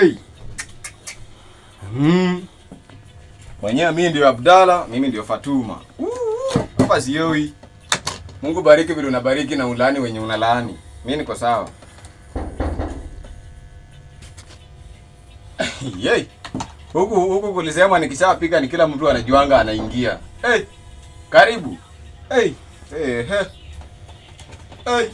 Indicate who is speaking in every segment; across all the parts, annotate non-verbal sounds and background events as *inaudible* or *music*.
Speaker 1: hey. Mm. Mwenyewe mimi ndio Abdalla, mimi ndio Fatuma. Hapa sioi. Mungu bariki vile unabariki na ulaani wenye unalaani. Mimi niko sawa. Yey. *laughs* Huku huku kulisema nikishapika ni kila mtu anajuanga anaingia. Hey. Karibu. Hey. Hey. Hey. hey.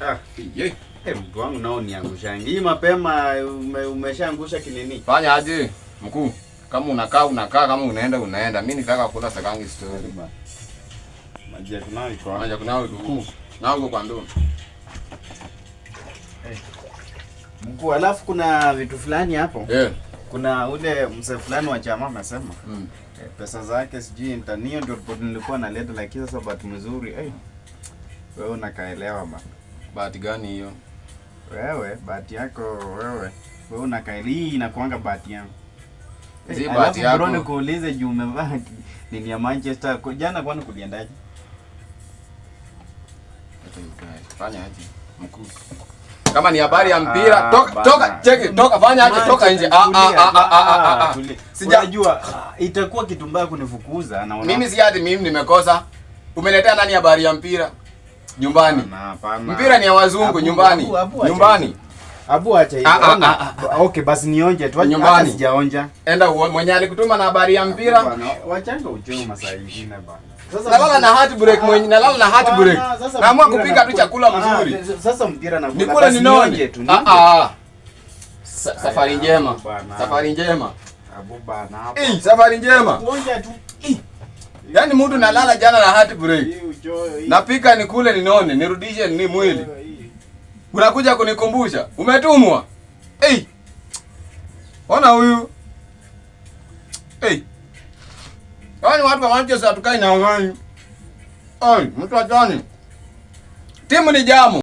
Speaker 1: Ah, yey.
Speaker 2: Hey, mtu wangu nao niangushangi. Hii mapema ume, umeshaangusha kinini?
Speaker 1: Fanya aje mkuu, kama unakaa unakaa, kama unaenda unaenda. Mimi nitaka kula sakangi story
Speaker 2: Maji ya kunao iko.
Speaker 1: Maji ya kunao iko. Na uko kwa ndoo.
Speaker 2: Hey. Mkuu, alafu kuna vitu fulani hapo. Eh. Yeah. Kuna ule mzee fulani wa jamaa amesema. Mm. Eh, pesa zake sijui ndio nilikuwa naleta, lakini sasa bahati mzuri eh, hey. Wewe unakaelewa bana.
Speaker 1: Bahati gani hiyo?
Speaker 2: Wewe bahati yako wewe, wewe unakaili inakuanga bahati yangu
Speaker 1: si bahati yako. Bro,
Speaker 2: nikuulize juu umevaa nini ya Manchester jana, kwani kuliendaje?
Speaker 1: Fanya aje mkuu kama ni habari ya mpira ah, toka toka cheki toka fanya aje toka nje. Ah ah, ah ah ah ah, ah,
Speaker 2: sijajua itakuwa kitu mbaya kunifukuza
Speaker 1: Naona mimi, si hadi mimi nimekosa. Umeletea nani habari ya mpira? nyumbani. Mpira ni ya wazungu nyumbani.
Speaker 2: Nyumbani. Abu acha hiyo.
Speaker 1: Ah, ah,
Speaker 2: ah, okay, basi nionje tu. Nyumbani
Speaker 1: sijaonja. Enda mwenye alikutuma na habari ya mpira.
Speaker 2: Wachanga uchoma saa nyingine bana.
Speaker 1: Sasa nalala na heart break mwenye nalala na heart break. Naamua kupika tu chakula mzuri. Sasa mpira na kula nionje tu. Ah ah. Safari njema. Safari njema. Abu bana. Eh, safari njema. Uonje tu. Yaani mtu nalala jana na heart break napika nikule ninone nirudishe ni mwili. Unakuja kunikumbusha umetumwa. Hey, ona huyu hey. Yaani watu wa Manchester tukae na wao. Ai, mtu ajani. Timu ni jamu.